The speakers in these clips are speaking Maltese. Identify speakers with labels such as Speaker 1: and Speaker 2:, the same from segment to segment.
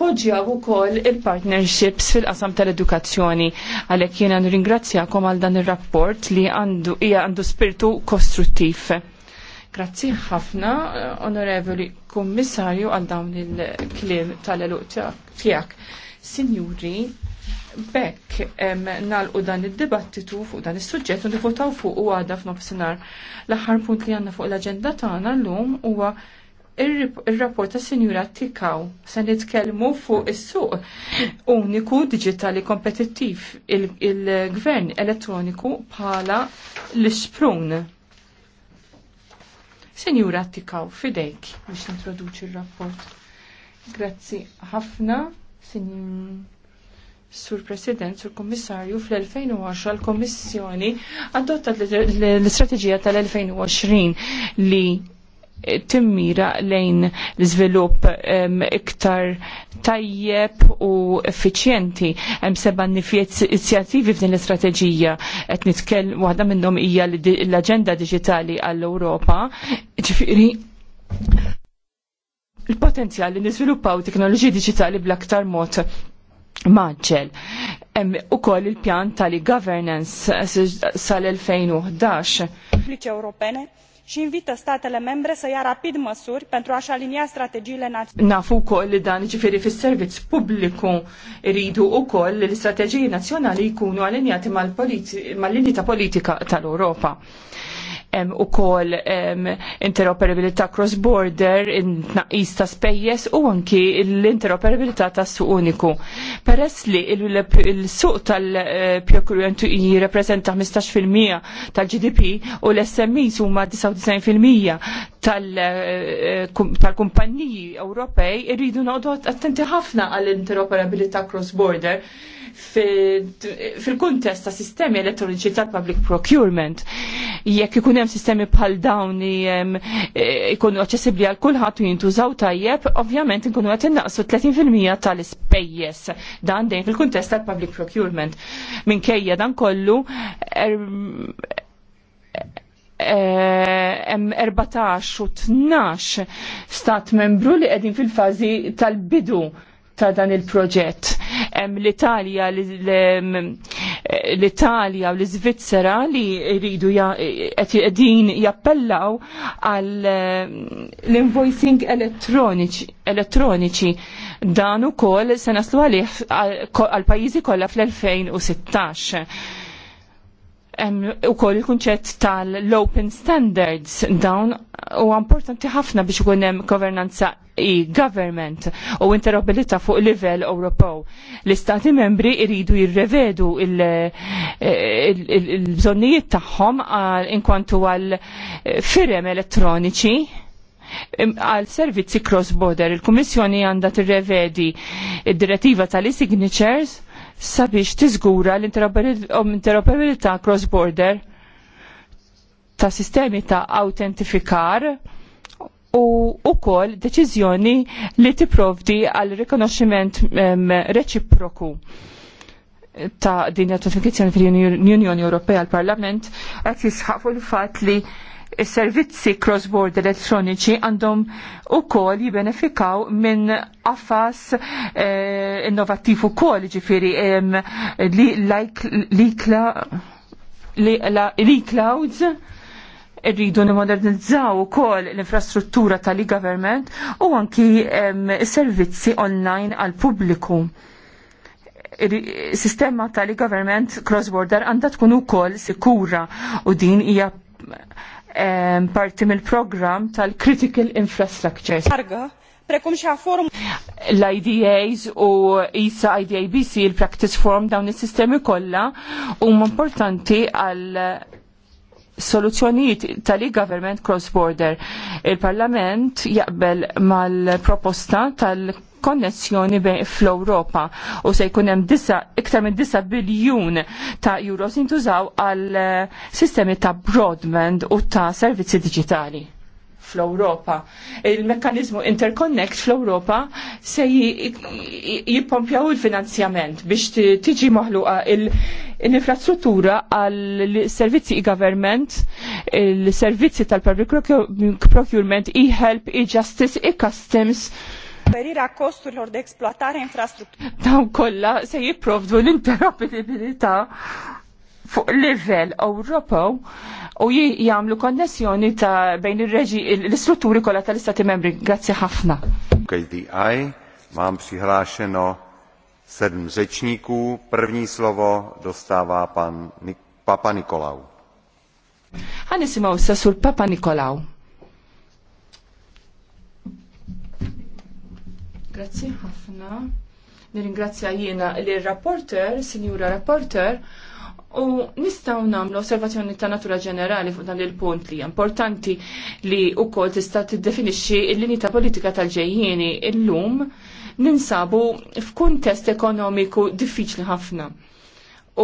Speaker 1: nappoġġjaw ukoll il-partnerships fil-qasam tal-edukazzjoni. Għalhekk jiena nirringrazzjakom għal dan ir-rapport li għandu hija għandu spirtu kostruttiv. Grazzi ħafna, onorevoli kummissarju għal dawn il-kliem tal-eluq tiegħek. Signuri, bekk nalqu dan id-dibattitu fuq dan is-suġġett u nivotaw fuq u għadha f'nofsinhar. L-aħħar punt li għandna fuq l-aġenda tagħna llum huwa il-rapport ta' Sinjura Tikaw se nitkellmu fuq is-suq uniku digitali kompetittiv il-gvern elettroniku bħala l-isprun. Sinjura Tikaw, fidejk biex introduċi il-rapport. Grazzi ħafna, Sinjura. Sur President, Sur Kommissarju, fl-2010 l-Kommissjoni adottat l-istrateġija tal-2020 li timmira lejn l-iżvilupp iktar tajjeb u effiċjenti. Hemm seba' inizjattivi f'din l-istrateġija qed nitkellem waħda minnhom hija l-Aġenda Diġitali għall-Ewropa. Ġifieri il-potenzjal li niżviluppaw teknoloġiji diġitali bl-aktar mod maġġel. Hemm ukoll il-pjan tal-governance sal-2011 și invită statele membre să ia rapid măsuri pentru a-și alinia strategiile naționale. Nafu wkoll li dan ġifieri fis-servizz pubbliku u wkoll li l-istrateġiji nazzjonali jkunu alinjati mal-linji ta' politika tal-Ewropa um, u kol um, interoperabilità cross-border, in naqis ta' spejjes u anki l-interoperabilità ta' su uniku. Peress li il-suq tal pjokurjentu eh, jirrepresenta 15% tal-GDP u l smi huma 99% tal-kumpanniji Ewropej irridu noqdu attenti ħafna għall-interoperabilità cross-border fil-kuntest ta' sistemi elettroniċi tal-public procurement. Jekk ikun hemm sistemi bħal dawn e, ikunu aċċessibbli għal kulħadd u jintużaw tajjeb, ovvjament inkunu qed innaqsu 30% tal-ispejjeż dan dejn fil-kuntest tal-public procurement. Minkejja dan kollu hemm er, e, 14 u 12 stat membru li qegħdin fil-fażi tal-bidu ta' dan il-proġett l-Italja, l-Italja u l-Svizzera li jridu qegħdin jappellaw għal eh, l-invoicing elettroniċi dan ukoll se naslu għalih għal pajjiżi kollha fl-2016 u koll il-kunċett tal-open standards dawn u importanti ħafna biex ikun hemm governanza e-government u interoperabilità fuq livell Ewropew. L-istati membri iridu jirrevedu il-bżonnijiet il, eh, tagħhom inkwantu għal eh, firem elettroniċi għal servizzi cross-border. Il-Kummissjoni għandha tirrevedi id-direttiva tal-e-signatures sabiex tiżgura l-interoperabilità um, cross-border ta' sistemi ta' autentifikar u ukoll deċiżjoni li tipprovdi għal rikonoxximent reċiproku ta' din ratifikazzjoni fil-Unjoni Ewropea għal-Parlament qed jisħaq fuq il-fatt li s-servizzi cross-border elettroniċi għandhom ukoll jibbenefikaw minn affas eh, innovattiv ukoll ġifiri eh, li like, li, li irridu nimodernizzaw ukoll l-infrastruttura tal-e-government u anki servizzi online għal pubbliku. Sistema tal-e-government cross-border għandha tkun ukoll sikura u din hija parti mill-programm tal-Critical Infrastructures. prekum xa forum. L-IDAs u ISA e IDABC, il-Practice Forum, dawn is-sistemi kollha huma importanti għal soluzzjonijiet tal-e-government cross-border. Il-Parlament jaqbel mal-proposta tal- konnessjoni fl-Europa u se jkun hemm iktar minn 9 biljun ta' euros jintużaw għal eh, sistemi ta' broadband u ta' servizzi digitali fl-Europa. Il-mekkanizmu Interconnect fl-Europa se jippompjaw il-finanzjament biex tiġi moħluqa l-infrastruttura għal-servizzi i government il-servizzi tal-public procurement, e-help, e-justice, e-customs. Perira kostuħor d-eksploatare infrastruttura. Dawn kolla se jipprovdu l-interoperabilità fuq livell Ewropew u jagħmlu konnessjoni ta' bejn ir-reġi l-istrutturi kollha tal-Istati Membri. Grazzi ħafna.
Speaker 2: KDI mám přihlášeno sedm řečníků. První slovo dostává pan Nik- Papa Nikolau.
Speaker 1: Għanisimaw s-sassur Papa Nikolaw. Grazzi ħafna. Nirringrazzja jiena l-rapporter, sinjura rapporter, U nistaw namlu osservazzjoni ta' natura ġenerali fuq dan il-punt li importanti li u kol tista' tiddefinixxi l-linji ta' politika tal-ġejjieni illum ninsabu f'kuntest ekonomiku diffiċli ħafna.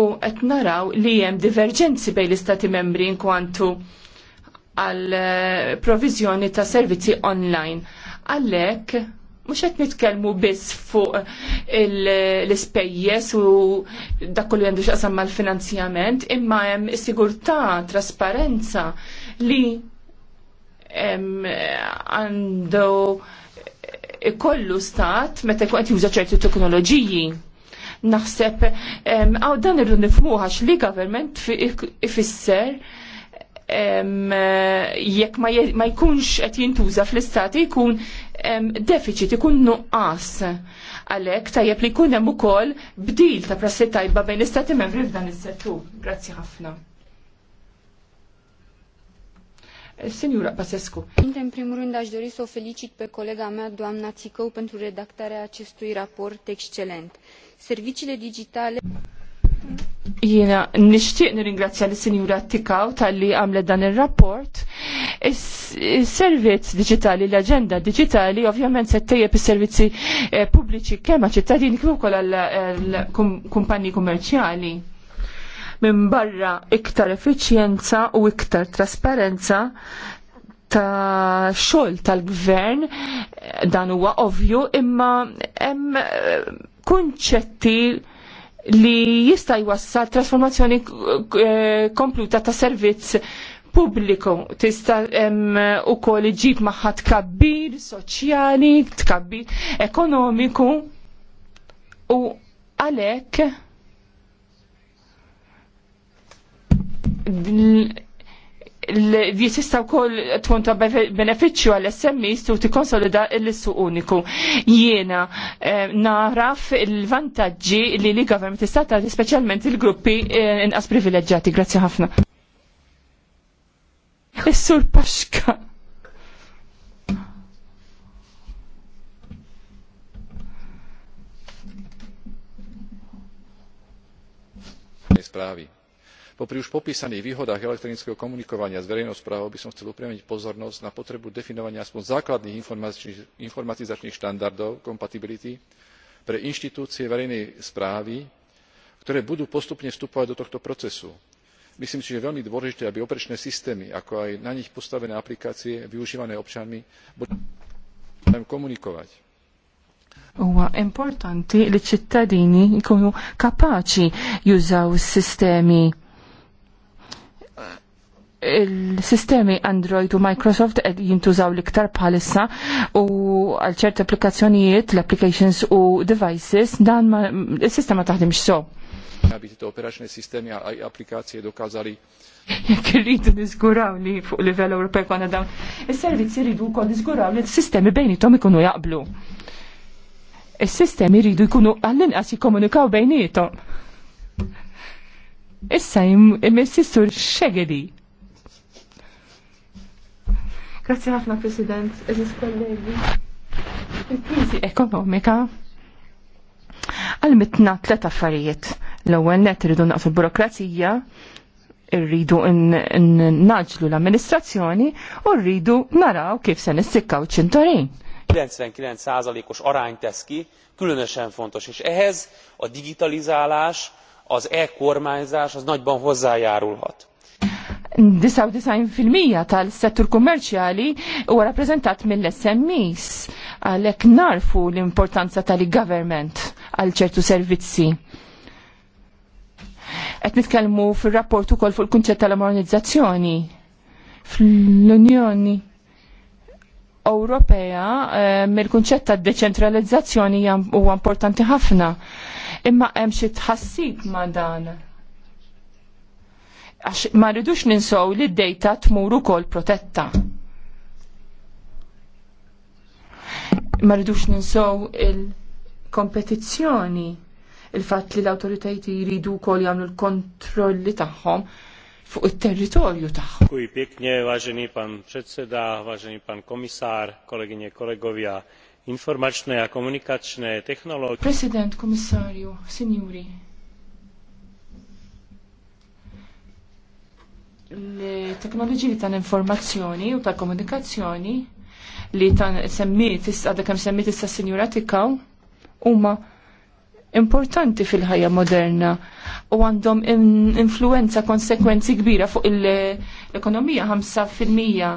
Speaker 1: U qed naraw li hemm diverġenzi bejn l-istati membri inkwantu għal eh, provizjoni ta' servizzi online. Għalhekk mux għet nitkelmu biss fuq l-spejjes u dakollu għandu xaqsam mal finanzjament imma jem sigurta, trasparenza li għandu kollu stat meta jkun għet juża ċerti teknoloġiji. Naħseb għaw dan irru nifmuħax li government ifisser jekk ma jkunx qed jintuża fl-istati jkun deficit ikun nuqqas. Għalhekk tajjeb li jkun hemm ukoll bdil ta' prassi tajba bejn l-istati membri f'dan is-settur. Grazzi ħafna. Signora Basescu. in primul rând aș dori să o felicit pe colega mea, doamna Țicău, pentru redactarea acestui raport excelent. Serviciile digitale... Jiena nixtieq nirringrazzja lis-Sinjura Tikaw talli għamlet dan ir-rapport. Is-servizz diġitali, l-aġenda diġitali ovvjament se tejjeb is-servizzi eh, pubbliċi kemm ċittadini kif ukoll għall-kumpanji kummerċjali minn barra iktar effiċjenza u iktar trasparenza ta' xogħol tal-gvern dan huwa ovvju imma hemm eh, kunċetti li jista' jwassal trasformazzjoni eh, kompluta ta' servizz pubbliku tista' eh, ukoll iġib magħha tkabbir soċjali, tkabbir ekonomiku u għalhekk jisistaw wkoll tkun ta' benefiċċju għall smis u tikkonsolida l-issuq uniku. Jiena eh, naraf il-vantaġġi li li government tista' tagħti speċjalment il-gruppi eh, inqas privileġġjati. Grazzi ħafna. Is-sur Paxka. správy popri už popísaných výhodách elektronického komunikovania s verejnou správou by som chcel upriamiť pozornosť na potrebu definovania aspoň základných informatizačných štandardov kompatibility pre inštitúcie verejnej správy ktoré budú postupne vstupovať do tohto procesu. myslím si že je veľmi dôležité aby operačné systémy ako aj na nich postavené aplikácie využívané občanmi boli komunikovať huwa importanti li ċittadini jkunu kapaċi jużaw is-sistemi il-sistemi Android u Microsoft jintużaw l-iktar bħalissa u għal ċerti applikazzjonijiet, l-applications u devices, dan il-sistema taħdim xso. Aby tyto operaċni sistemi għaj applikazzje dokazali. Jekk irridu niżguraw li fuq livell Ewropew għana dawn, is-servizzi jridu wkoll niżguraw li s-sistemi bejni tom ikunu jaqblu. Is-sistemi jridu jkunu għall-inqas jikkomunikaw bejnietom. Issa jim, jim, jim, jim, Grazzi ħafna, President, eżis kollegi. Il-krizi ekonomika għalmitna tlet affarijiet. L-ewwel net irridu naqsu l burokrazija, irridu naġlu l-amministrazzjoni u rridu naraw kif se nissikkaw ċintorin.
Speaker 2: 99%-os arányt tesz ki, különösen fontos, és ehhez a digitalizálás, az e-kormányzás az nagyban hozzájárulhat
Speaker 1: 99% tal-settur kummerċjali huwa rappreżentat mill-SMEs għalhekk narfu l-importanza tal-government għal ċertu servizzi. Qed nitkellmu fir-rapport ukoll fuq il-kunċett tal amornizzazzjoni fl-Unjoni Ewropea eh, mill-kunċett tad-deċentralizzazzjoni huwa importanti ħafna. Imma hemm xi tħassib ma' dan għax ma rridux ninsow li d-dejta tmur ukoll protetta. Ma rridux ninsow il-kompetizzjoni il-fatt li l autoritajt jridu kol jamlu l-kontrolli taħħom fuq il territorju taħħom.
Speaker 2: Kuj pieknie, vážený pan predseda, vážený pan komisar, kolegyne, kolegovia, informačné a komunikačné technológie.
Speaker 1: President, komisarju, sinjuri, l-teknoloġiji tal-informazzjoni u tal-komunikazzjoni li tan semmiet issa kemm semmiet issa sinjura tikaw huma importanti fil-ħajja moderna u għandhom influenza konsekwenzi kbira fuq l-ekonomija 5%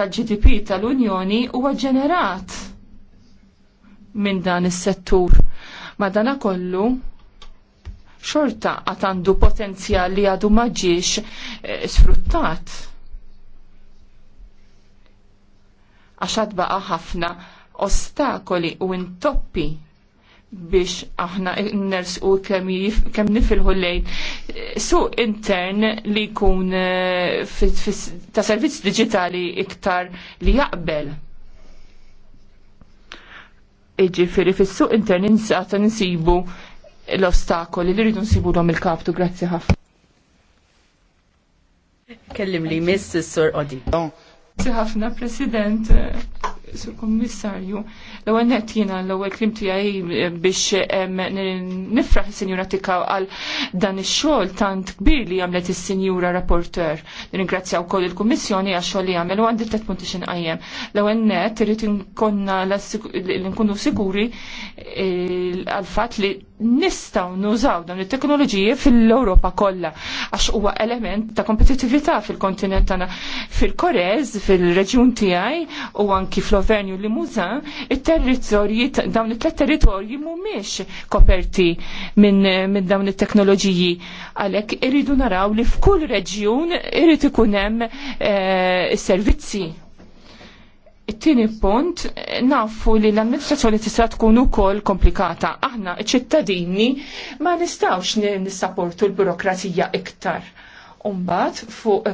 Speaker 1: tal-GDP tal-Unjoni huwa ġenerat minn dan is-settur. dana kollu xorta għat għandu potenzjal li għadu maġiex eh, sfruttat. Għaxad baqa ħafna ostakoli u intoppi biex aħna ners u kem, kem nifilħu lejn eh, su intern li jkun eh, ta' servizz digitali iktar li jaqbel. Iġifiri, fis-suq intern insata nsibu l-ostakoli li rridu nsibu l il-kaptu. Grazzi ħafna. Kellim li miss s-sur Odi. Grazie ħafna, President. Sur Kommissarju, l-ewwel nett jiena l-ewwel klim tiegħi eh, biex eh, nifraħ is senjura Tikaw għal dan ix-xogħol tant kbir li għamlet is rapporter. Rapporteur. Nirringrazzja wkoll il-Kummissjoni għax xogħol li għamel u għandi tet punti għajem. L-ewwel nett irid inkonna li nkunu siguri eh, għal fatt li nistgħu nużaw dawn it-teknoloġiji fil-Ewropa kollha għax huwa element ta' kompetitività fil-kontinent tagħna fil-Korez, fil-reġjun tiegħi u anki fl Slovernju li muza, il territorji dawn it-tlet territorji mhumiex koperti minn min dawn it-teknoloġiji. Għalhekk iridu naraw li f'kull reġjun irid ikun hemm eh, servizzi. It-tieni punt nafu li l-amministrazzjoni tista' tkun ukoll komplikata. Aħna ċittadini ma nistgħux nissapportu l-burokrazija iktar. Umbat fuq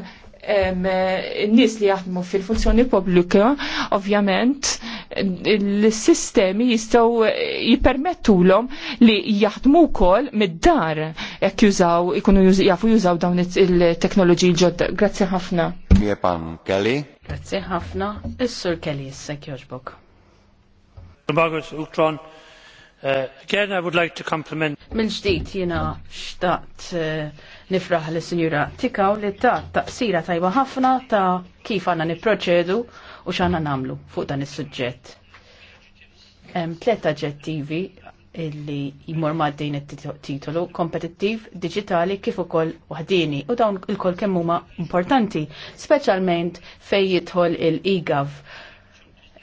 Speaker 1: n-nis li jaħdmu fil-funzjoni pubblika, ovvjament, l-sistemi jistaw jipermettulhom li jaħdmu kol mid-dar jekk jużaw ikunu jafu jużaw dawn il teknologi ġodda. Grazie ħafna. Jepan Kelly.
Speaker 2: Grazie ħafna. Is-Sur Kelly issa jogħġbok.
Speaker 1: Uh, again, I would like to compliment. Min ġdid
Speaker 2: jiena xtaqt uh, nifraħ li sinjura Tikaw li ta' taqsira tajba ħafna ta' kif għanna niproċedu u x'għandna namlu fuq dan is-suġġett. Hemm tliet aġġettivi illi jmur maddejn il titolu kompetittiv, digitali kif ukoll waħdini u dawn il-koll kemm huma importanti, speċjalment fejn jidħol il-e-gov.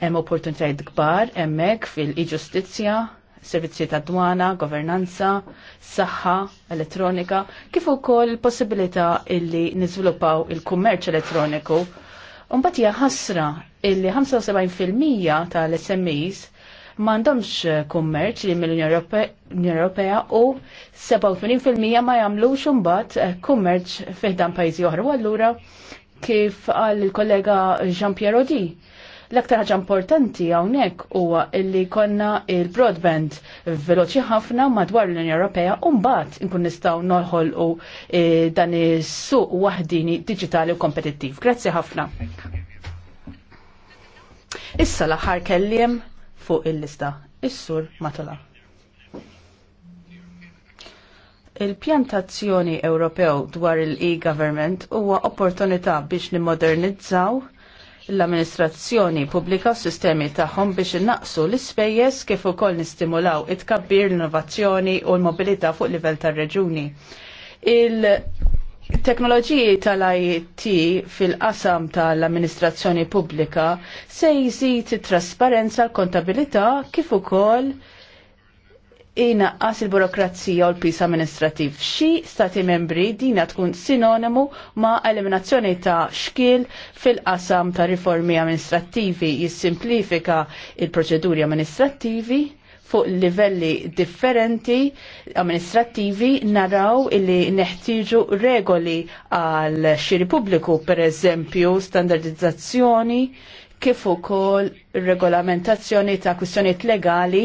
Speaker 2: Hemm opportunitajiet kbar hemmhekk fil-e-ġustizzja, servizzi ta' dwana, governanza, saħħa, elettronika, kif ukoll possibilità illi niżviluppaw il-kummerċ elettroniku. mbagħad hija ħasra illi 75% tal-SMEs m'għandhomx kummerċ li mill-Unjoni Ewropea u 87% ma jagħmlux imbagħad eh, kummerċ fih dan pajjiżi oħra. U allura kif qal il-kollega Jean Pierre Odi, L-aktar ħaġa importanti hawnhekk huwa li konna il-broadband veloċi ħafna madwar l-Unjoni Ewropea u mbagħad inkun nistgħu noħolqu eh, dan is-suq waħdini diġitali u kompetittiv. Grazzi ħafna. Issa l-aħħar kelliem fuq il-lista, is-sur Matola. Il-pjantazzjoni Ewropew dwar il-e-government huwa opportunità biex nimmodernizzaw l-amministrazzjoni pubblika s sistemi tagħhom biex innaqsu l-ispejjeż kif ukoll nistimulaw it-kabbir l-innovazzjoni u l-mobilità fuq livell tar-reġuni. Il-teknoloġiji tal-IT fil-qasam tal-amministrazzjoni pubblika se jżid it-trasparenza, l-kontabilità kif ukoll inaqqas il-burokrazija u l-pis amministrativ. Xi stati membri dina tkun sinonimu ma' eliminazzjoni ta' xkil fil-qasam ta' riformi amministrativi jissimplifika il-proċeduri amministrativi fuq livelli differenti amministrativi naraw illi neħtieġu regoli għal xiri pubbliku, per eżempju, standardizzazzjoni kif ukoll regolamentazzjoni ta' kwistjonijiet legali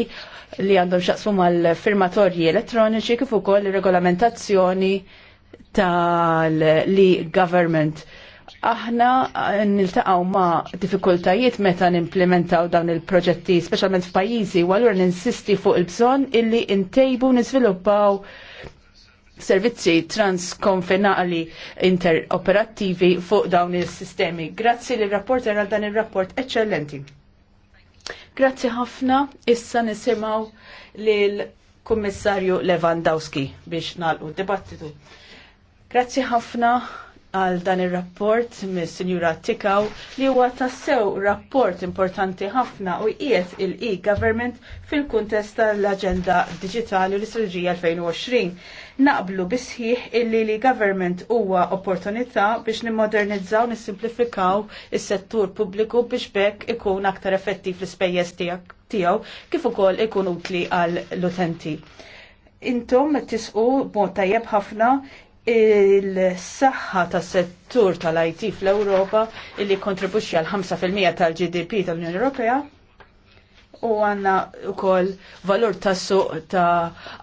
Speaker 2: li għandhom xaqsmu mal-firmatorji elettroniċi kif ukoll regolamentazzjoni tal-government. li Aħna niltaqgħu ma' diffikultajiet meta nimplementaw dawn il-proġetti, speċjalment f'pajjiżi, u allura ninsisti fuq il-bżonn illi ntejbu niżviluppaw servizzi transkonfinali interoperattivi fuq dawn il-sistemi. Grazzi li rapporter għal dan il-rapport eccellenti. Grazzi ħafna, issa nisimaw l-Kommissarju Lewandowski biex nalqu dibattitu. Grazzi ħafna għal dan ir-rapport mis sinjura Tikaw li huwa tassew rapport importanti ħafna u qiegħed il-e-government fil-kuntest tal-Aġenda Digitali u l-Istraġija 2020. Naqblu bisħiħ illi li government huwa opportunità biex nimmodernizzaw nissimplifikaw is-settur pubbliku biex bekk ikun aktar effettiv l-ispejjeż tiegħu kif ukoll ikun utli għall utenti intom tisqu mod tajjeb ħafna il-saħħa tas settur tal-IT fl-Ewropa illi kontribuxxi għal 5% tal-GDP tal-Unjoni Ewropea u għanna u koll valur tassu ta'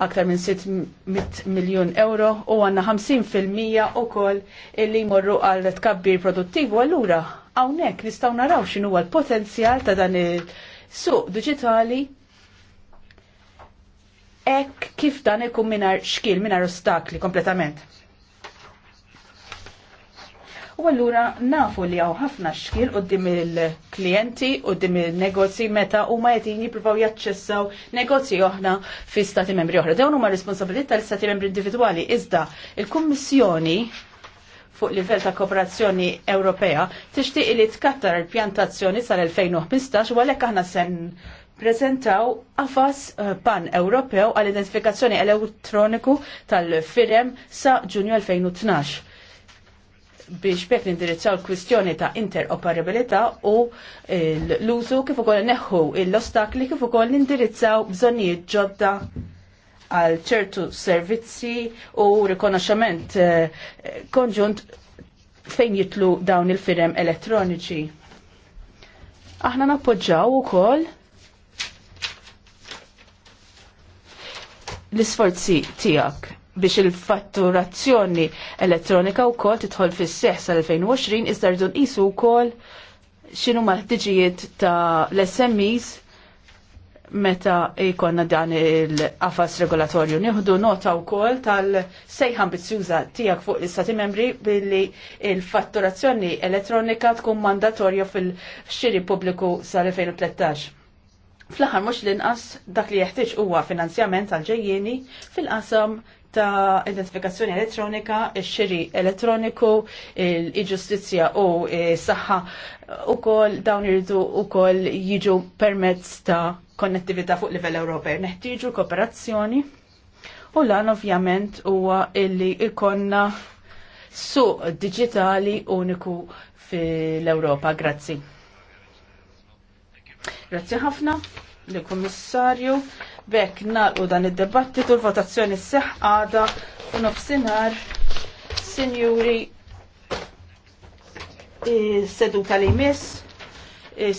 Speaker 2: aktar minn 600 miljon euro u għanna 50% u koll illi morru għal tkabbir produttivu għallura għawnek nistaw naraw xinu għal potenzjal ta' dan il-suq digitali ek kif dan ikun minar xkil, minar ostakli kompletament. U allura nafu li hawn ħafna xkil dim il-klijenti, dim il-negozji meta huma qegħdin jippruvaw jaċċessaw negozji oħra fi stati membri oħra. Dawn huma responsabilità tal stati membri individwali iżda il-Kummissjoni fuq livell ta' kooperazzjoni Ewropea tixtieq li tkattar il-pjantazzjoni sal-2015 u għalhekk aħna sen prezentaw afas eh, pan Ewropew għall identifikazzjoni elettroniku tal-firem sa' Ġunju 2012 biex bekk nindirizzaw l-kwistjoni ta' interoperabilità u eh, l-użu kif ukoll neħħu l-ostakli kif ukoll nindirizzaw bżonnijiet ġodda għal ċertu servizzi u rikonoxxament eh, konġunt fejn jitlu dawn il-firem elettroniċi. Aħna nappoġġaw ukoll l-isforzi tiegħek biex il-fatturazzjoni elettronika u kol titħol fis seħ sal-2020 iżda rridu nqisu wkoll kol xinu ħtiġijiet ta' l-SMEs meta jkollna dan il-qafas regolatorju. Nieħdu nota wkoll tal sejħ ambizjuza tiegħek fuq l-Istati Membri billi il-fatturazzjoni elettronika tkun mandatorja fil-xiri pubbliku sal-2013. Fl-aħħar mhux l-inqas dak li jeħtieġ huwa finanzjament għal ġejjieni fil-qasam ta' identifikazzjoni elettronika, il-xiri elettroniku, il-ġustizja u eh, saħħa u kol dawn irridu u kol jiġu permezz ta' konnettività fuq livell Ewropej. Neħtieġu kooperazzjoni u lan ovvjament huwa illi ikonna suq digitali uniku fil-Ewropa. Grazzi. Grazzi ħafna l-Kummissarju. Bekk nalqu dan id-debattitu l-votazzjoni seħ għada f'nofsinhar sinjuri seduta li miss,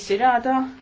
Speaker 2: sirada.